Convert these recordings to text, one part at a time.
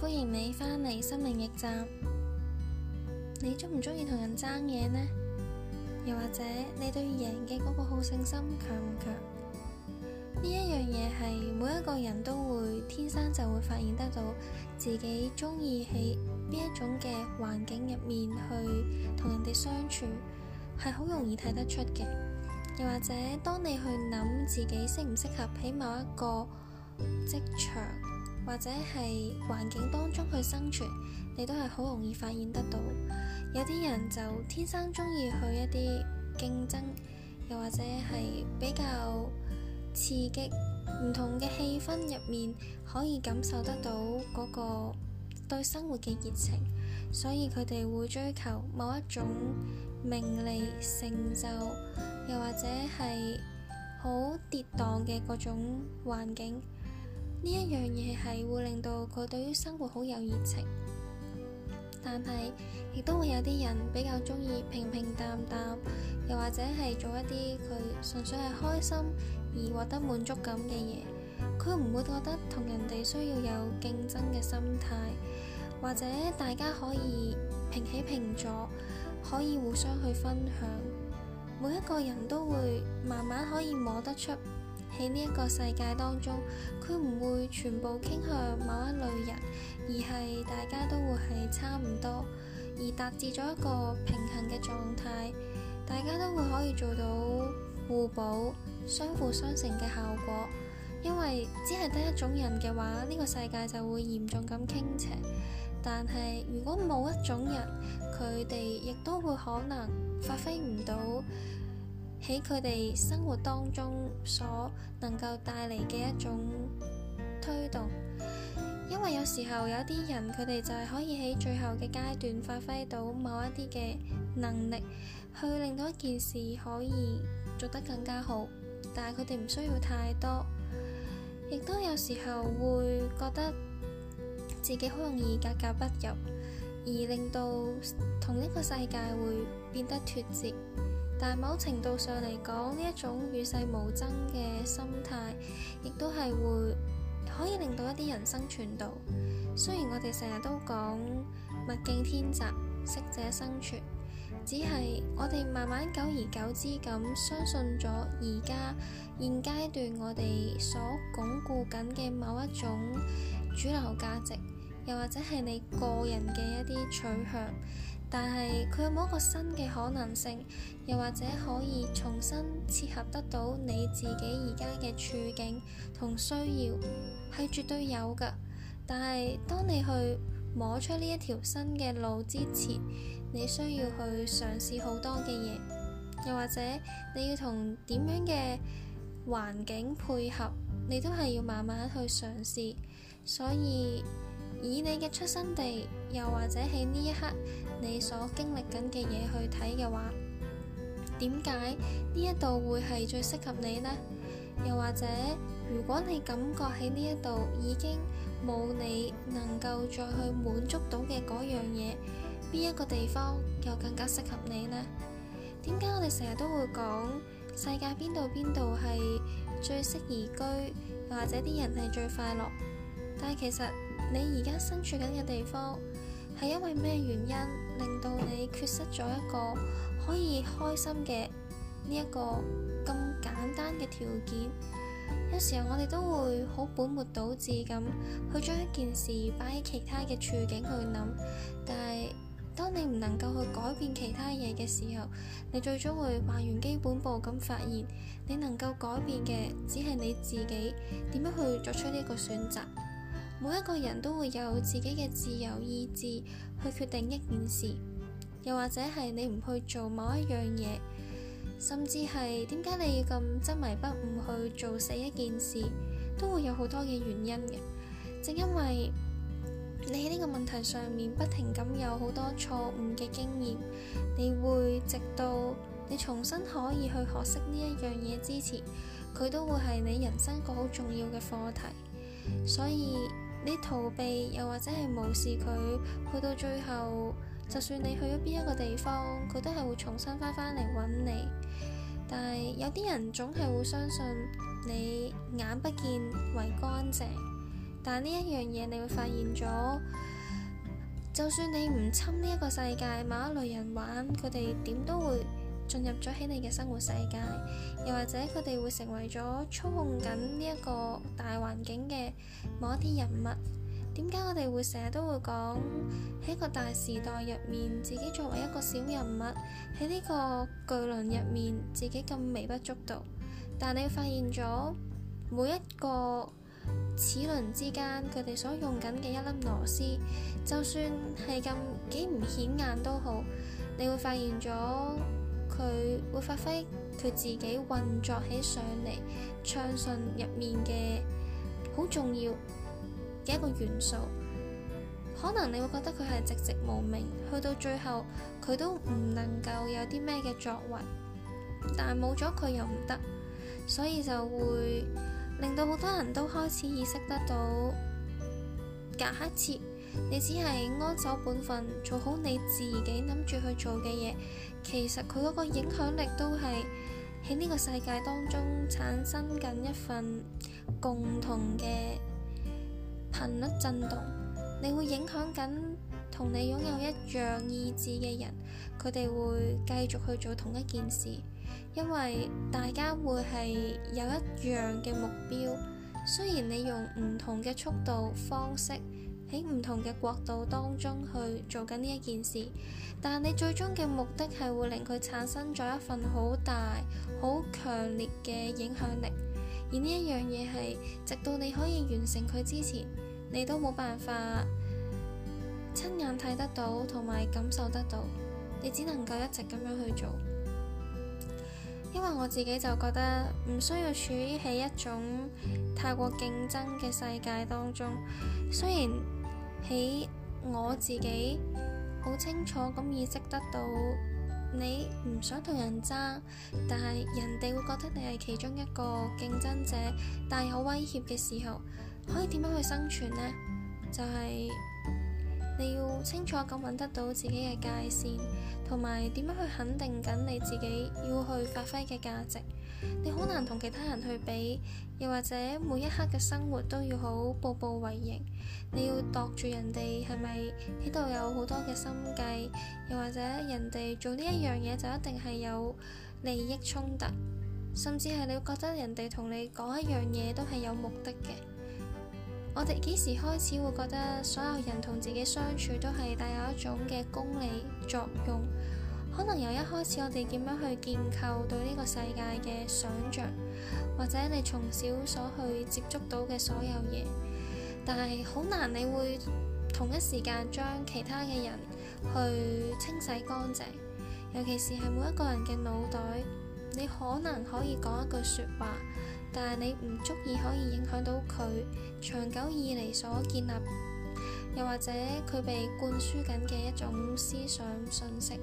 歡迎你返嚟心靈驛站。你鍾唔鍾意同人爭嘢呢？又或者你對贏嘅嗰個好勝心強唔強？呢一樣嘢係每一個人都會天生就會發現得到自己鍾意喺邊一種嘅環境入面去同人哋相處，係好容易睇得出嘅。又或者當你去諗自己適唔適合喺某一個職場，或者係環境當中去生存，你都係好容易發現得到。有啲人就天生中意去一啲競爭，又或者係比較刺激唔同嘅氣氛入面，可以感受得到嗰個對生活嘅熱情，所以佢哋會追求某一種名利成就，又或者係好跌宕嘅嗰種環境。呢一樣嘢係會令到佢對於生活好有熱情，但係亦都會有啲人比較中意平平淡淡，又或者係做一啲佢純粹係開心而獲得滿足感嘅嘢。佢唔會覺得同人哋需要有競爭嘅心態，或者大家可以平起平坐，可以互相去分享。每一個人都會慢慢可以摸得出喺呢一個世界當中。佢唔會全部傾向某一類人，而係大家都會係差唔多，而達至咗一個平衡嘅狀態，大家都會可以做到互補、相輔相成嘅效果。因為只係得一種人嘅話，呢個世界就會嚴重咁傾斜。但係如果冇一種人，佢哋亦都會可能發揮唔到，喺佢哋生活當中所能夠帶嚟嘅一種推動，因為有時候有啲人佢哋就係可以喺最後嘅階段發揮到某一啲嘅能力，去令到一件事可以做得更加好。但係佢哋唔需要太多，亦都有時候會覺得自己好容易格格不入，而令到同一個世界會變得脱節。但某程度上嚟講，呢一種與世無爭嘅心態，亦都係會可以令到一啲人生存到。雖然我哋成日都講物競天擇，適者生存，只係我哋慢慢久而久之咁相信咗而家現階段我哋所鞏固緊嘅某一種主流價值，又或者係你個人嘅一啲取向。但係佢有冇一個新嘅可能性，又或者可以重新切合得到你自己而家嘅處境同需要，係絕對有㗎。但係當你去摸出呢一條新嘅路之前，你需要去嘗試好多嘅嘢，又或者你要同點樣嘅環境配合，你都係要慢慢去嘗試。所以以你嘅出生地，又或者喺呢一刻，你所經歷緊嘅嘢去睇嘅話，點解呢一度會係最適合你呢？又或者，如果你感覺喺呢一度已經冇你能夠再去滿足到嘅嗰樣嘢，邊一個地方又更加適合你呢？點解我哋成日都會講世界邊度邊度係最適宜居，又或者啲人係最快樂？但係其實你而家身處緊嘅地方。係因為咩原因令到你缺失咗一個可以開心嘅呢一個咁簡單嘅條件？有時候我哋都會好本末倒置咁去將一件事擺喺其他嘅處境去諗，但係當你唔能夠去改變其他嘢嘅時候，你最終會還原基本步咁發現，你能夠改變嘅只係你自己點樣去作出呢個選擇。每一個人都會有自己嘅自由意志去決定一件事，又或者係你唔去做某一樣嘢，甚至係點解你要咁執迷不悟去做死一件事，都會有好多嘅原因嘅。正因為你喺呢個問題上面不停咁有好多錯誤嘅經驗，你會直到你重新可以去學識呢一樣嘢之前，佢都會係你人生一個好重要嘅課題，所以。你逃避又或者係無視佢，去到最後，就算你去咗邊一個地方，佢都係會重新返返嚟揾你。但係有啲人總係會相信你眼不見為乾淨，但呢一樣嘢你會發現咗，就算你唔侵呢一個世界，某一類人玩佢哋點都會。進入咗喺你嘅生活世界，又或者佢哋會成為咗操控緊呢一個大環境嘅某一啲人物。點解我哋會成日都會講喺一個大時代入面，自己作為一個小人物喺呢個巨輪入面，自己咁微不足道？但你會發現咗每一個齒輪之間佢哋所用緊嘅一粒螺絲，就算係咁幾唔顯眼都好，你會發現咗。佢會發揮佢自己運作起上嚟暢順入面嘅好重要嘅一個元素，可能你會覺得佢係籍籍無名，去到最後佢都唔能夠有啲咩嘅作為，但係冇咗佢又唔得，所以就會令到好多人都開始意識得到，假設。你只係安守本分，做好你自己諗住去做嘅嘢。其實佢嗰個影響力都係喺呢個世界當中產生緊一份共同嘅頻率震動。你會影響緊同你擁有一樣意志嘅人，佢哋會繼續去做同一件事，因為大家會係有一樣嘅目標。雖然你用唔同嘅速度、方式。喺唔同嘅國度當中去做緊呢一件事，但你最終嘅目的係會令佢產生咗一份好大、好強烈嘅影響力。而呢一樣嘢係，直到你可以完成佢之前，你都冇辦法親眼睇得到同埋感受得到。你只能夠一直咁樣去做，因為我自己就覺得唔需要處於喺一種太過競爭嘅世界當中，雖然。喺我自己好清楚咁意識得到，你唔想同人爭，但係人哋會覺得你係其中一個競爭者，帶有威脅嘅時候，可以點樣去生存呢？就係、是。好清楚咁搵得到自己嘅界線，同埋點樣去肯定緊你自己要去發揮嘅價值。你好難同其他人去比，又或者每一刻嘅生活都要好步步為營。你要度住人哋係咪喺度有好多嘅心計，又或者人哋做呢一樣嘢就一定係有利益衝突，甚至係你覺得人哋同你講一樣嘢都係有目的嘅。我哋幾時開始會覺得所有人同自己相處都係帶有一種嘅功利作用？可能由一開始我哋點樣去建構對呢個世界嘅想象，或者你從小所去接觸到嘅所有嘢，但係好難你會同一時間將其他嘅人去清洗乾淨，尤其是係每一個人嘅腦袋，你可能可以講一句說話。但係你唔足以可以影響到佢長久以嚟所建立，又或者佢被灌輸緊嘅一種思想信息。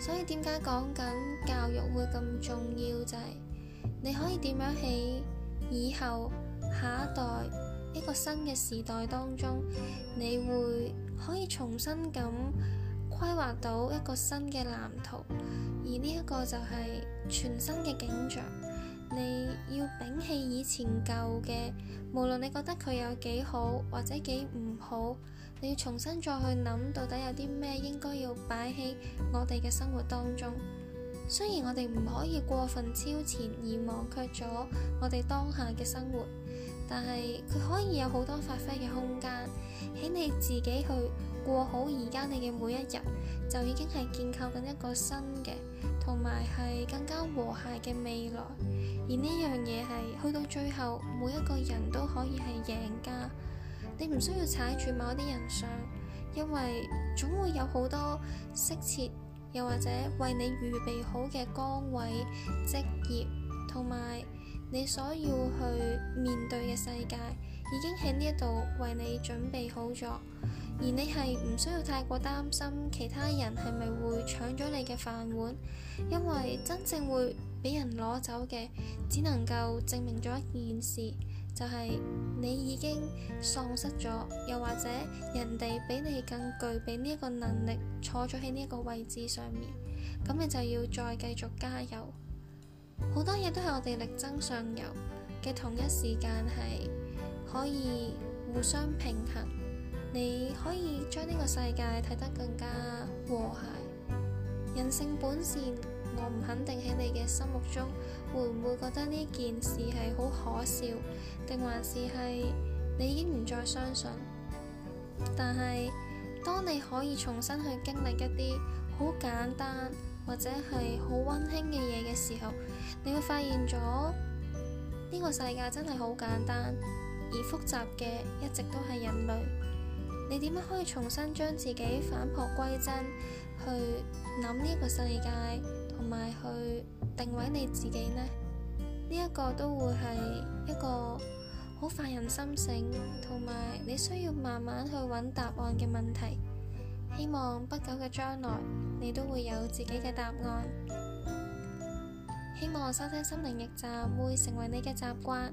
所以點解講緊教育會咁重要就係你可以點樣喺以後下一代一個新嘅時代當中，你會可以重新咁規劃到一個新嘅藍圖，而呢一個就係全新嘅景象。你要摒棄以前舊嘅，無論你覺得佢有幾好或者幾唔好，你要重新再去諗到底有啲咩應該要擺喺我哋嘅生活當中。雖然我哋唔可以過分超前而忘卻咗我哋當下嘅生活，但係佢可以有好多發揮嘅空間，喺你自己去過好而家你嘅每一日，就已經係建構緊一個新嘅，同埋係更加和諧嘅未來。而呢樣嘢係去到最後，每一個人都可以係贏家。你唔需要踩住某啲人上，因為總會有好多適切又或者為你預備好嘅崗位、職業同埋你所要去面對嘅世界。已經喺呢一度為你準備好咗，而你係唔需要太過擔心其他人係咪會搶咗你嘅飯碗，因為真正會俾人攞走嘅，只能夠證明咗一件事，就係、是、你已經喪失咗，又或者人哋比你更具備呢一個能力，坐咗喺呢一個位置上面，咁你就要再繼續加油。好多嘢都係我哋力爭上游嘅同一時間係。可以互相平衡，你可以將呢個世界睇得更加和諧。人性本善，我唔肯定喺你嘅心目中會唔會覺得呢件事係好可笑，定還是係你已經唔再相信？但係當你可以重新去經歷一啲好簡單或者係好温馨嘅嘢嘅時候，你會發現咗呢個世界真係好簡單。而複雜嘅一直都係人類，你點樣可以重新將自己反璞歸真，去諗呢個世界，同埋去定位你自己呢？呢、這、一個都會係一個好發人深省，同埋你需要慢慢去揾答案嘅問題。希望不久嘅將來，你都會有自己嘅答案。希望收聽心靈驛站會成為你嘅習慣。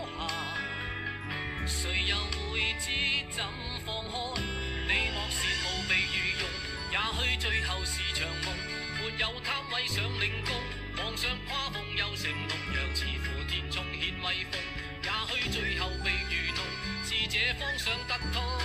誰又會知怎放開？你莫羨慕被愚弄，也許最後是場夢。沒有攤位想領功，妄想跨鳳又成龍，樣，似乎天縱顯威風，也許最後被愚弄，是這方向得通。